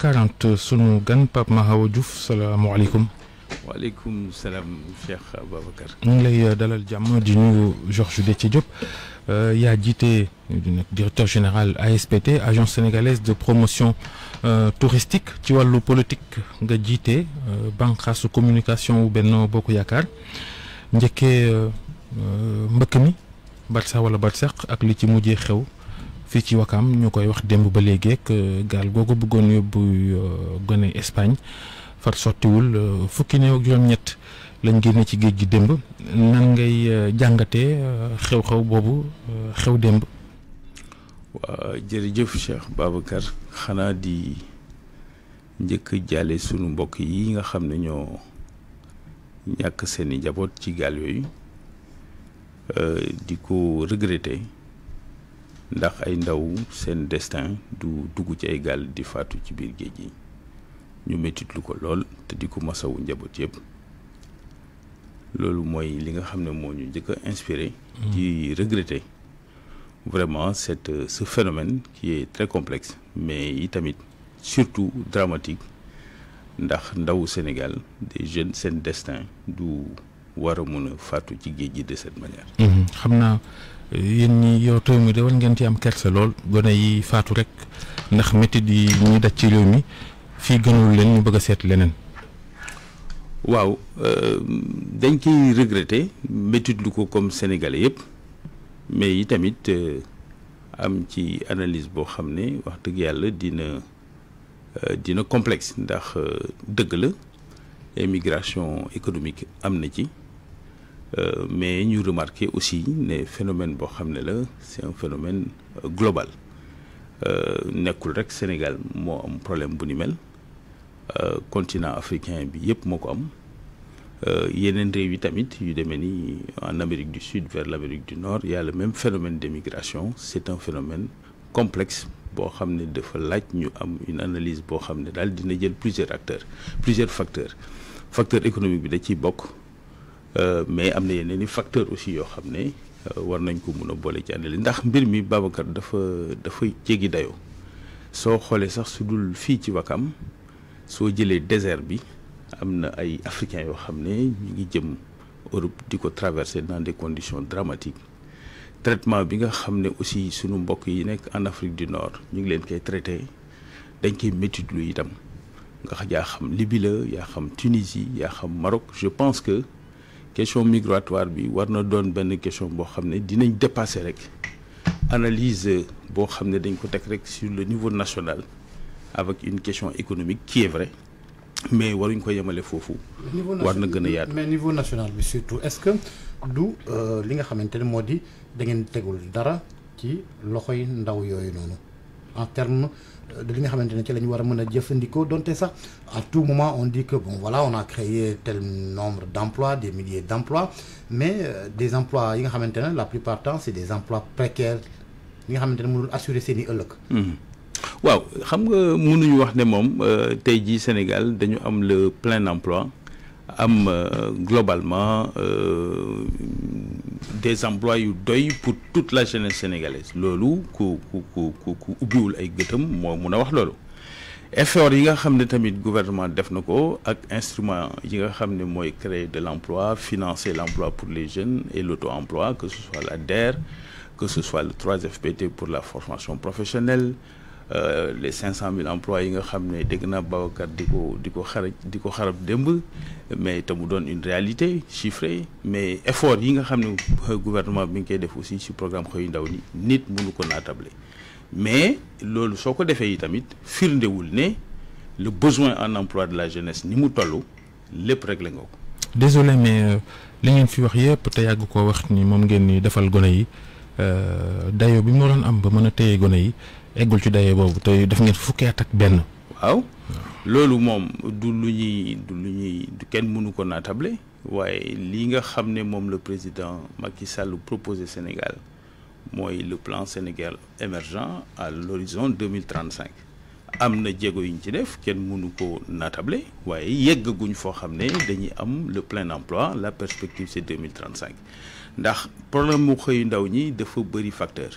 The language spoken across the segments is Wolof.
40 sunu gan Pape salam alaykoum wa alaykoum salam Cheikh Ababacar. ñu ngi lay dalal jàmm di nuyu Georges Y'a Diop euh, yaa jiite directeur général ASPT agence sénégalaise de promotion euh, touristique ci walu politique nga euh, bànqaasu communication ou Benno Bokk Yaakaar njëkkee euh, mbëkk mi Barça wala Barsaq ak li ci mujjee xew. fii ci Wakam ñu koy wax démb ba léegi ak euh, gaal ko bëggoon yóbbu euh, gone Espagne far sottiwul euh, fukki néew ak juróom-ñett lañ génne ci géej gi démb nan ngay jàngate xew-xew boobu xew démb. waa jërëjëf Cheikh Babacar xanaa di njëkk jàlle sunu mbokk yi nga xam ne ñoo ñàkk seeni njaboot ci gaal yooyu di ko regretter. ndax ay ndaw seen destin du dugg ci ay gaal di faatu ci biir géej gi ñu mettitlu ko lool te di ko masawu njaboot yëpp loolu mooy li nga xam ne moo ñu njëkk inspiré mm. di regretter vraiment cette ce phénomène qui est très complexe mais i tamit surtout dramatique ndax ndawu Sénégal des jeunes seen destin du waru a mun a faatu ci géej de cette manière. Mhm. xam naa yéen ñi yow taw mi de ngeen am lool yi faatu rek na métit di ni da ci réew mi fii leni leen ñu bëgg a seet leneen. waaw euh, dañ koy regretter métit ko comme sénégalais mais yi tamit euh, am ci analyse bo xam ne wax dina euh, dina complexe ndax degle émigration économique am ci. Euh, mais nous remarquons aussi le phénomène bo xamné la c'est un phénomène euh, global euh, nekul rek Sénégal mo am problème bu ni mel continent africain bi yépp moo Il am a réew yi tamit yu ni en Amérique du Sud vers l'Amérique du Nord Il y a le même phénomène d'émigration c'est un phénomène complexe bo xamné dafa laaj ñu am une analyse de xamné dal dina jël plusieurs acteurs plusieurs facteurs facteur économique bi da ci bokk euh, mais amna na yeneen facteur aussi yo. xamné euh, war nañ ko mëna bolé ci àndale ndax mbir mi Babacar dafa dafa jégi dayo so xolé sax sudul fi ci Wakam so jëlee désert bi amna ay africains yo xamné ñu ngi jëm Europe di ko traverser dans des conditions dramatiques traitement bi nga xamné aussi suñu mbokk yi nek en Afrique du Nord ñu ngi leen kay traité dañ koy lu itam nga xam Libye la xam Tunisie ya xam Maroc je pense que question migratoire bi warna question dépasser analyse sur le niveau national avec une question économique qui est vraie mais waruñ ko yemalé fofu mais niveau national surtout est-ce que du euh, li nga ne da ngeen tegul dara ci en termes li nga xamante ne ci la ñu war a mën a jëfandikoo donte à tout moment on dit que bon voilà on a créé tel nombre d'emplois des milliers d'emplois mais euh, des emplois yi nga xamante ne la plupart du temps c'est des emplois précaires yi nga xamante ne mënul assurer seen i ëllëg hmm. waaw xam nga mënuñu wax ne moom euh, tey jii Sénégal dañu am le plein emploi am euh, globalement euh, des emplois yu doy pour toute la jeunesse sénégalaise C'est ku ku ku ku ubbiwul ay gëtam mo mun wax loolu effort yi nga tamit gouvernement def nako ak instrument yi nga xam moy créer de l'emploi financer l'emploi pour les jeunes et l'auto-emploi que ce soit la DER que ce soit le 3FPT pour la formation professionnelle euh, les 500 000 emplois yi nga xamné ne dégg naa Babacar di ko di ko di ko xarab démb mais tamou donne une réalité chiffrée mais effort yi nga xamné gouvernement bi ngi koy def aussi ci programme xëyu ndaw ni nit mënu ko naatable mais lolu soko ko yi tamit firndewul né le besoin en emploi de la jeunesse ni mu toll lepp réglé ngoko désolé mais euh, li ngeen fi wax yëpp te yàgg koo wax ni moom ngeen ni defal gone yi euh, dayo bi mu waroon am ba mën a téye gone yi eggul ci dayee bobu tay def ngeen fukki at ak benn. waw lolou mom du luñuy du luñuy ken kenn mënu ko naatable waaye li nga xamné mom le président Macky Sall proposé Sénégal moy le plan Sénégal émergent à l'horizon 2035 amna djégo yiñ ci def ken mënu ko naatable waaye yeggaguñ foo dañuy am le plein emploi la perspective c'est 2035 ndax problème mu xeyu ndaw ñi dafa bëri facteur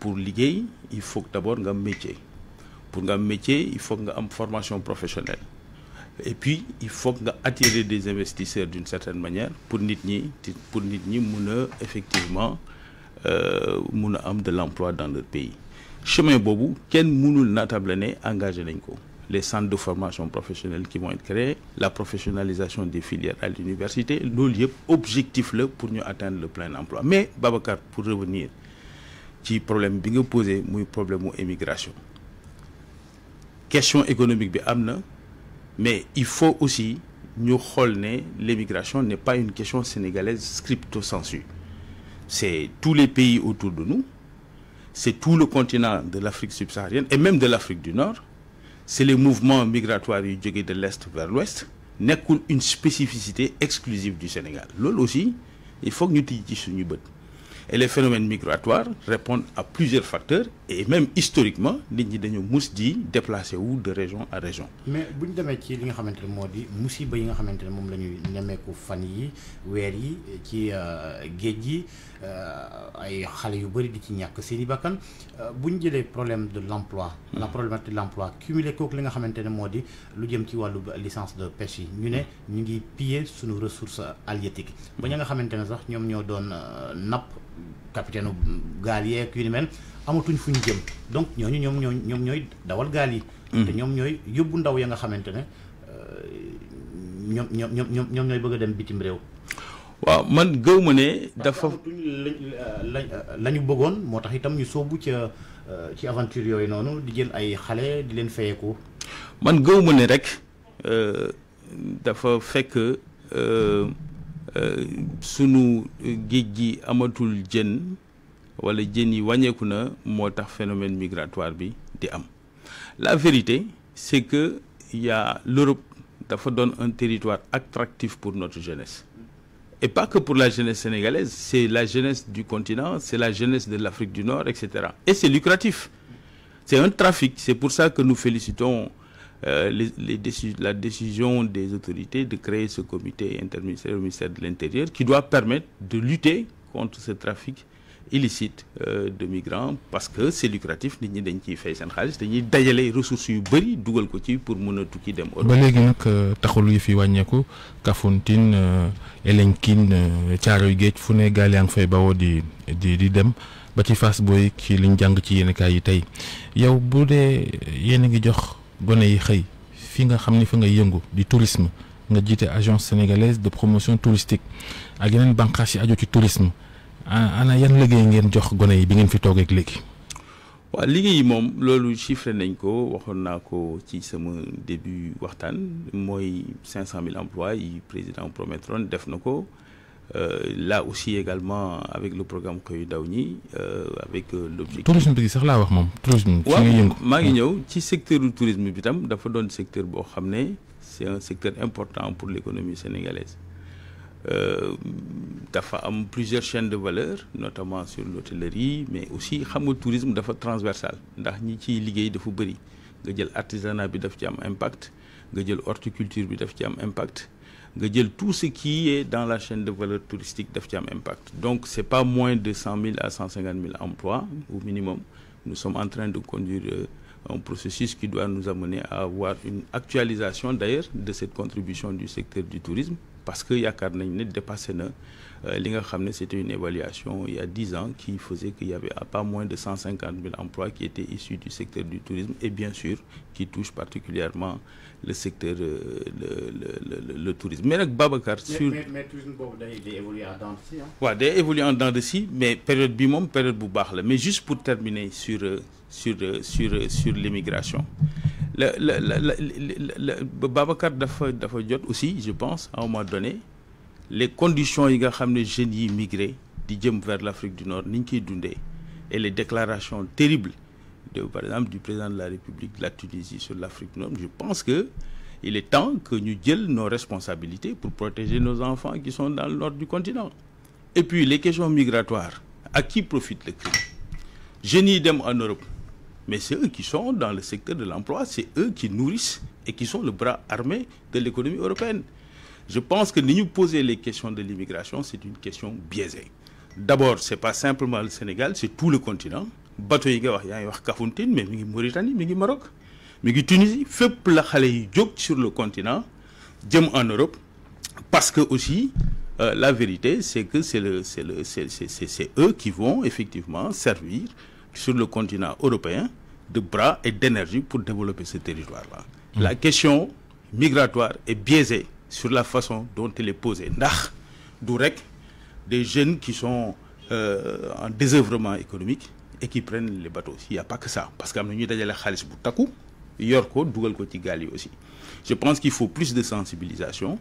pour liggéey il faut d'abord un métier pour un métier il faut une formation professionnelle et puis il faut attirer des investisseurs d'une certaine manière pour qu'ils pour effectivement euh, de l'emploi dans leur pays chemin Bobou, quel engager les centres de formation professionnelle qui vont être créés la professionnalisation des filières à l'université nous lieux objectif pour atteindre le plein emploi mais Babacar pour revenir qui problème bi nga posé muy problème mu immigration question économique bi amna mais il faut aussi ñu l'émigration l'immigration n'est pas une question sénégalaise scripto sensu c'est tous les pays autour de nous c'est tout le continent de l'Afrique subsaharienne et même de l'Afrique du Nord c'est les mouvements migratoires yu de l'est vers l'ouest n'est une spécificité exclusive du Sénégal Là aussi il faut que ñu ti ci et les phénomènes migratoires répondent à plusieurs facteurs et même historiquement nit ñi dañu mus di wu de région à région. mais bu ñu demee ci li nga xamante ne moo di musiba yi nga xamante ne moom la ñuy nemmeeku fan yi weer yi ci euh, géej gi euh, ay xalé yu bari di ci ñak seen bakkan euh, bu problème de l'emploi, la hmm. problématique de l'emploi, cumulé kook li nga xamantene modi lu jëm ci walu licence de pêche yi ñu ne ñu ngi piller suñu ressource halieutique ba nga xamantene sax ñom ñoo doon nap capitaine gaal yeeg yu ni mel amatuñ fu ñu jëm donc ñooñu ñoom ñooy ñoom ñooy dawal gaal yi. Mm. te ñoom ñooy yóbbu ndaw ya nga xamante ne euh, ñoom ñoom ñoom ñoom ñooy bëgg a dem bitim réew. waaw man gëw ma ne. dafa la la ñu bëggoon moo tax itam ñu sóobu ca euh, ci aventure yooyu noonu di jël ay xale di leen fayeeku. man gëw ma ne rek euh, dafa fekk. phénomène la vérité c'est que y a l'Europe dafa un territoire attractif pour notre jeunesse et pas que pour la jeunesse sénégalaise c'est la jeunesse du continent c'est la jeunesse de l'Afrique du Nord etc et c'est lucratif c'est un trafic c'est pour ça que nous félicitons euh, les, les décis la décision des autorités de créer ce comité interministériel au ministère de l'Intérieur qui doit permettre de lutter contre ce trafic illicite euh, de migrants parce que c'est lucratif nit ñi dañ ciy fay seen xaalis dañuy dajale ressources yu bëri dugal ko ci pour mën a tukki dem. ba léegi nag euh, taxul yi fi wàññeeku Kafountine euh, Elinkine Thiaroye Géej galé ne gaal yaa ngi fay bawoo di di di dem ba ci Fass boy ki liñ jang ci kay yi tay yow bu dee ngi jox gone yi xëy fi nga xamni ne fi nga yëngu di tourisme nga jité agence sénégalaise de promotion touristique ak yeneen bànqaas yi aju ci tourisme ana yan liggéey ngeen jox gone yi bi ngeen fi toogeek léegi. waaw liggéey yi moom loolu chiffré nañ ko waxoon naa ko ci sama début waxtaan mooy 500000 emplois yi président Prometron def na ko. Euh, là aussi également avec le programme Koyu euh, avec l'objectif... Euh, l'objectif tourisme bi sax vraiment wax mom tourisme waaw le ci secteur du tourisme bi tam dafa secteur c'est un secteur important pour l'économie sénégalaise euh, dafa am plusieurs chaînes de valeur notamment sur l'hôtellerie mais aussi le tourisme dafa transversal ndax ñi ci liggéey dafa bëri nga jël artisanat bi daf ci am impact nga jël horticulture bi daf ci impact tout ce qui est dans la chaîne de valeur touristique d'Aftiam impact donc ce n'est pas moins de 100 000 à 150 000 emplois au minimum nous sommes en train de conduire euh, un processus qui doit nous amener à avoir une actualisation d'ailleurs de cette contribution du secteur du tourisme parce que y a ne dépassé na euh, li nga c'était une évaluation il y a 10 ans qui faisait qu'il y avait pas moins de 150 000 emplois qui étaient issus du secteur du tourisme et bien sûr qui touche particulièrement le secteur euh, le, le, le, tourisme mais le Babacar sur mais mais tourisme boobu hein. évolué en dents de scie en dents de mais période bimom, période bu mais juste pour terminer sur euh, sur sur sur l'immigration le Babacar dafa dafa jot aussi je pense à un moment donné les conditions yi nga génies vers l'Afrique du Nord ni et les déclarations terribles de par exemple du président de la République de la Tunisie sur l'Afrique du Nord je pense que il est temps que nous prenions nos responsabilités pour protéger nos enfants qui sont dans le nord du continent et puis les questions migratoires à qui profite le crime Génie yi en Europe mais c'est eux qui sont dans le secteur de l'emploi c'est eux qui nourrissent et qui sont le bras armé de l'économie européenne je pense que nous poser les questions de l'immigration, c'est une question biaisée. D'abord, ce n'est pas simplement le Sénégal, c'est tout le continent. bateau yi des wax mais mi Mauritanie mi Maroc mi Tunisie fait la sur le continent en Europe parce que aussi euh, la vérité c'est que c'est eux qui vont effectivement servir sur le continent européen de bras et d'énergie pour développer ce territoire-là. Mmh. La question migratoire est biaisée sur la façon dont elle est posée ndax des jeunes qui sont euh, en désœuvrement économique et qui prennent les bateaux il n'y a pas que ça parce que y a ñuy dajale qui bu takku yor ko aussi je pense qu'il faut plus de sensibilisation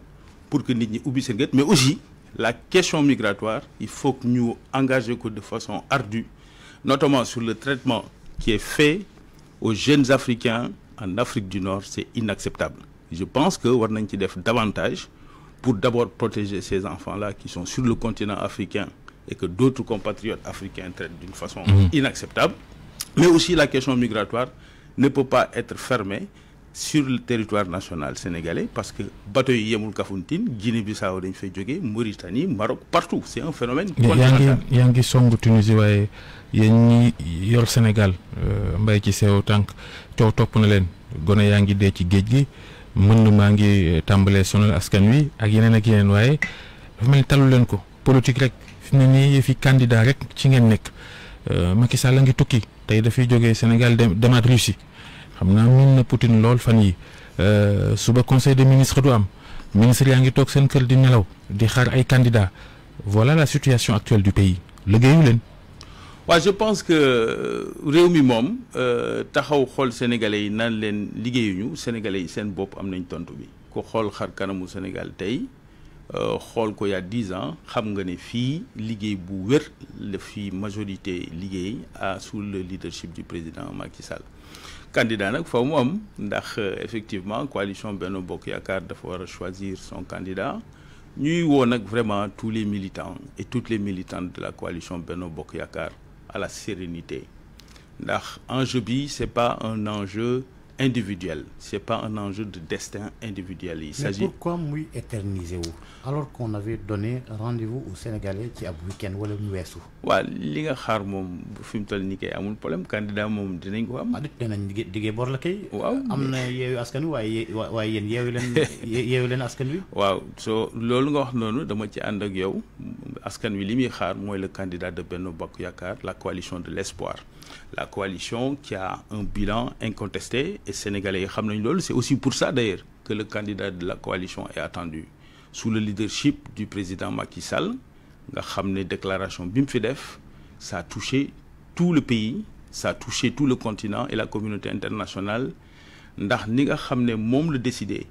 pour que nous ñi mais aussi la question migratoire il faut que nous engager de façon ardue notamment sur le traitement qui est fait aux jeunes africains en Afrique du Nord c'est inacceptable je pense que nous devons faire davantage pour d'abord protéger ces enfants-là qui sont sur le continent africain et que d'autres compatriotes africains traitent d'une façon mmh. inacceptable. Mais aussi la question migratoire ne peut pas être fermée sur le territoire national sénégalais parce que bateau Yemoul, yemul Kafountine Guinée-Bissau dañ Mauritanie Maroc partout c'est un phénomène continental Tunisie Sénégal euh, mën maa ngi eh, tàmbalee sonal askan wi ak yeneen ak yeneen waaye dafa mel ni talu leen ko politique rek fi mu ne nii yëfi candidat rek ci ngeen nekk eh, Macky Sall a ngi tukki tey dafay jógee Sénégal demaat Russie xam naa Poutine lool fan yi eh, suba conseil des ministres du am ministre yaa ngi toog seen kër di nelaw di xaar ay candidats voilà la situation actuelle du pays liggéeyu leen waaw je pense que euh, réew Mom, moom euh, taxaw xool sénégalais nan les leen liggéeyuñu sénégalais sen bop am nañ tontu bi ko Khol xar kanamu Sénégal tey Khol euh, ko ya dix ans xam nga ne fii liggéey bu le fi majorité ligé, à sous le leadership du président Macky Sall candidat nak faw mu am ndax effectivement coalition Benno Bokk Yaakaar da choisir son candidat Nous, woo nag vraiment tous les militants et toutes les militantes de la coalition Benno Bokk Yaakaar à la sérénité ndax ce n'est c'est pas un enjeu individuel. Ce n'est pas un enjeu de destin individuel. Il Mais pourquoi Moui éterniser alors qu'on avait donné rendez-vous aux Sénégalais qui a week-end ou le Mouessou Oui, ce que je mom fim tol ni kay amul problème candidat mom dinañ ko am adit ah, dinañ digé bor la kay amna yewu askan way way yeen yewu len yewu len askan wi waaw so lolu nga wax nonu dama ci and ak yow askan wi limi xaar moy le candidat de Benno Bokk Yakar la coalition de l'espoir la coalition qui a un bilan incontesté et sénégalais c'est aussi pour ça d'ailleurs que le candidat de la coalition est attendu sous le leadership du président Macky Sall la déclaration Bimfedef, ça a touché tout le pays ça a touché tout le continent et la communauté internationale Nous avons décidé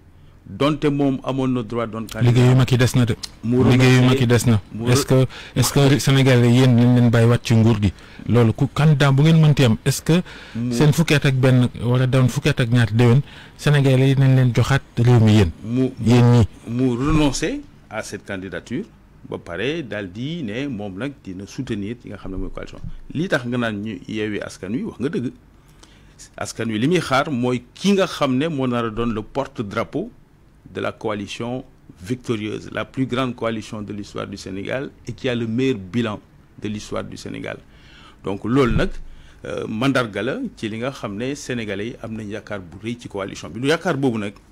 donté mom amoon na droit doon. candidat liggéeyu Macky des na de. mu liggéeyu Macky des na. est-ce que est-ce que Sénégalais yeen ñu leen bàyyiwaat ci nguur gi. loolu ku candidat bu ngeen mënti am est-ce que. sen fukki ak ben wala doon fukki ak ñaat deewen Sénégalais yi nañ leen joxat réew mi yeen yeen yéen ñi mu renoncer à cette candidature ba paré daldi né mom nak dina soutenir yi nga xamné moy coalition li tax nga nan ñu yewi askan wi wax nga deug askan wi limi xaar moy ki nga xamné mo moo nar doon le porte drapeau de la coalition victorieuse, la plus grande coalition de l'histoire du Sénégal et qui a le meilleur bilan de l'histoire du Sénégal. Donc lol nak euh, mandarga ci li sénégalais amna bu coalition bi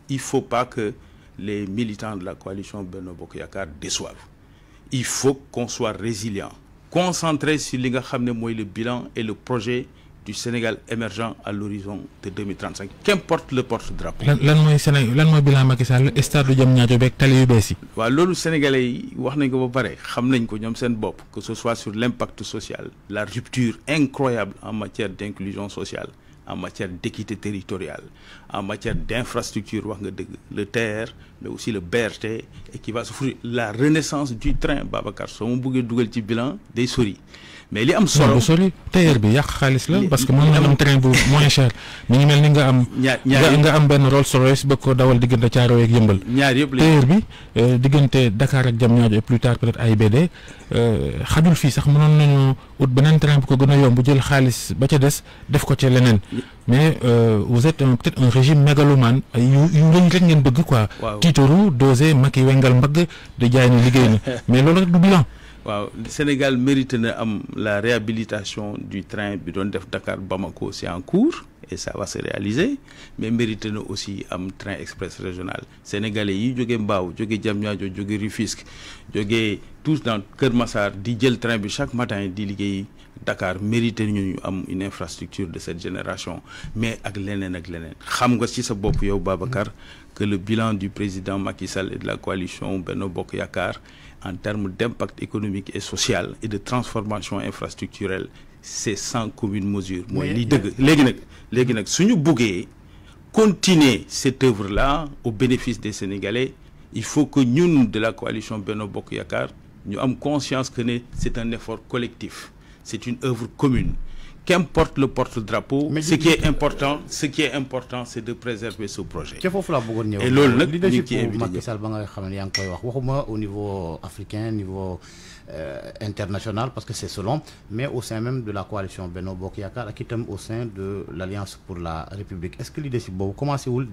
il faut pas que les militants de la coalition Benno Bokk Yakar déçoivent. Il faut qu'on soit résilient, concentré sur li le bilan et le projet du Sénégal émergent à l'horizon de 2035 qu'importe le porte-drapeau. lan moy bilan Macky Sall stade du Diamniadio sénégalais wax ba xam ko que ce soit sur l'impact social la rupture incroyable en matière d'inclusion sociale en matière d'équité territoriale en matière d'infrastructure wax nga le terre mais aussi le BRT et qui va souffrir la renaissance du train Babacar so mu bëggé dugal ci bilan des souris mais li am solo soli tailleur bi yàq xaalis la parce que mën nga am train bu ngi mel ni nga am nga am benn Rolls Royce bëgg ko dawal diggante Caaroy ak Yëmbal ñaar yëpp la tailleur bi euh, diggante Dakar ak Diamniadio plus tard peut-être AIBD euh, xajul fii sax mënoon nañu ut beneen train bu ko gën a yomb jël xaalis ba ca des def ko ca leneen mais euh, vous êtes peut-être un régime mégalomane yu yu rëñ rek ngeen bëgg quoi tiitaru dosé mag yi wengal mbagg di jaay ne liggéey na mais loolu rek Le Sénégal mérite la réhabilitation du train bi Dakar Bamako c'est en cours et ça va se réaliser mais mérite aussi un train express régional sénégalais yi jóge Mbao jóge Diamniadio jóge Rufisque jóge tous dans Kermassar, Massar di jël train bi chaque matin di liggéey Dakar mérite ñu une infrastructure de cette génération mais ak leneen ak leneen xam nga ci Babacar que le bilan du président Macky Sall et de la coalition Benno Bokk en termes d'impact économique et social et de transformation infrastructurelle c'est sans commune mesure Si nous nak continuer cette œuvre là au bénéfice des Sénégalais il faut que nous de la coalition Beno Bokk Yakar conscience que c'est un effort collectif c'est une œuvre commune qu'importe le porte-drapeau, ce qui est important, ce qui est important, c'est de préserver ce projet. Et ce nag ñu au niveau euh, africain niveau euh, international parce que c'est selon mais au sein même de la coalition Beno Bokyaka, qui est au sein de l'Alliance pour la République est-ce que l'idée comment commencé wul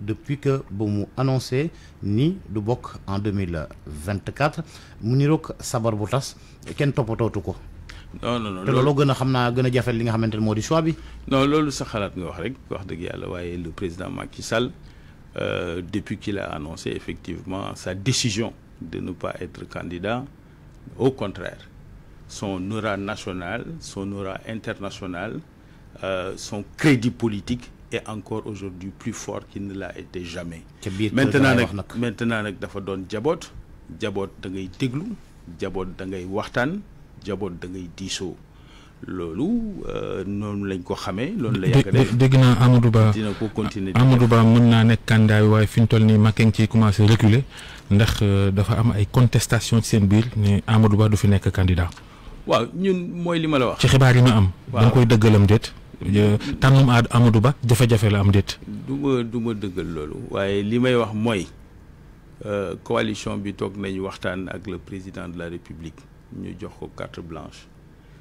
depuis que ba annoncé ni de Bok en 2024 mu sabar bu tas non non non te loolu gën a xam naa Non, non, li nga choix bi. non loolu sa xalaat nga wax rek wax dëgg le président Macky Sall euh, depuis qu'il a annoncé effectivement sa décision de ne pas être candidat au contraire son aura national son aura international euh, son crédit politique est encore aujourd'hui plus fort qu'il ne l'a été jamais. maintenant nag maintenant nag dafa doon jabot jaboot da ngay déglu jabot da ngay jabon da ngay diisoo loolu euh, noonu lañ ko xamee. la yàgg dégg Amadou Ba Amadou Ba mën candidat euh, contestation ci seen ne Amadou Ba du fi candidat. waaw ñun mooy li ma la wax. am. da koy dëggalam déet. Amadou Ba la am du du ma dëggal loolu waaye li euh, coalition bi toog nañ waxtaan le président de la république ñu jox ko carte blanche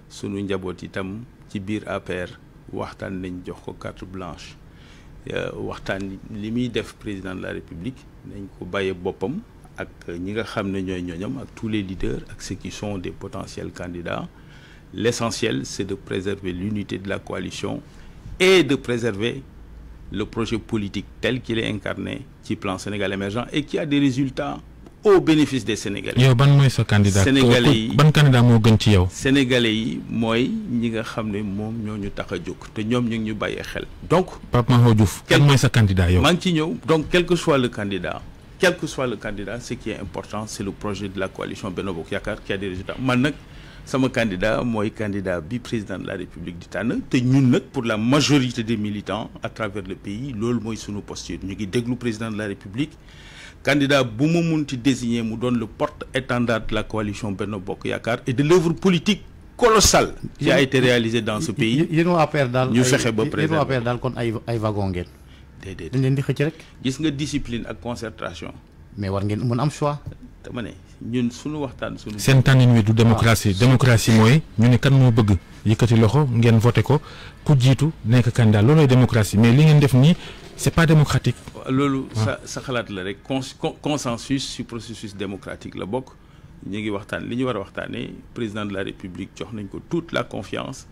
sunu itam ci biir jox ko carte blanche président de la république ko ak ñi nga tous les leaders ak ceux qui sont des potentiels candidats l'essentiel c'est de préserver l'unité de la coalition et de préserver le projet politique tel qu'il est incarné qui plan Sénégal émergent et qui a des résultats au bénéfice des Sénégalais. Yo, ban moi sa candidat Sénégalais ban candidat Sénégalais moi mooy ñi nga xam ne moom ñoo ñu tax a ñu ñu donc. Pape candidat yow. donc quel que soit le candidat. quel que soit le candidat ce qui est important c'est le projet de la coalition Benno Bokk qui a des résultats man nag sama candidat suis candidat bi président de la République du tànn te ñun pour la majorité des militants à travers le pays loolu mooy sunu posture ñu déglu président de la République candidat bu désigné nous donne le porte-étendard de la coalition Benno Bokk et de l'œuvre politique colossale qui a été réalisée dans ce pays Nous waa APR à ñu fexe ba président discipline et concentration mais war ngeen mën am choix. dama ne ñun suñu waxtaan suñu. sen tànnin wi du démocratie démocratie moy ñu ne kan mo bëgg yëkkati loxo ngeen voter ko ku jitu nek candidat démocratie mais li ngeen def ni c'est pas démocratique. loolu ah. sa sa xalaat la rek consensus sur processus démocratique la bok ñi ngi waxtaan li ñu wara a président de la république jox nañ ko toute la confiance.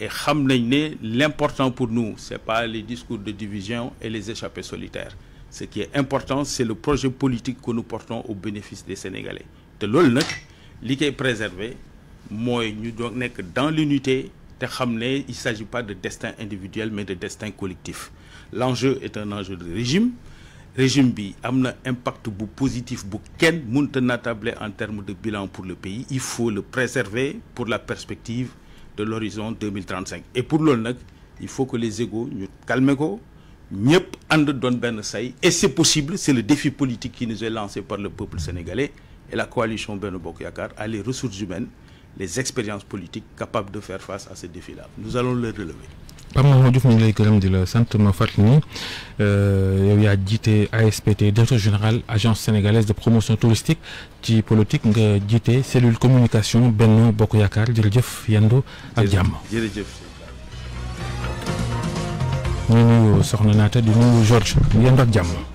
et xam nañ né l'important pour nous c'est pas les discours de division et les échappées solitaires ce qui est important c'est le projet politique que nous portons au bénéfice des Sénégalais De loolu ce qui est préserver mooy ñu dans l'unité Il ne s'agit pas de destin individuel mais de destin collectif l'enjeu est un enjeu de régime régime bi a un impact positif bu Ken, en termes de bilan pour le pays il faut le préserver pour la perspective de l'horizon 2035 et pour loolu il faut que les égaux nous calment ñëpp ànd doon benn say et c'est possible c'est le défi politique qui nous est lancé par le peuple sénégalais et la coalition Benno Bokk Yaakaar a les ressources humaines les expériences politiques capables de faire face à ce défi-là nous allons le relever. Pape Mamadou Diouf ñu ngi lay gërëm di la sant ma fàttali ni euh, yow yaa jiite ASPT directeur général agence sénégalaise de promotion touristique ci politique nga cellule communication Benno Bokk Yaakaar jërëjëf yendu ak jàmm jërëjëf. ñu soxna naata di nuyu George yéen rek jàmm.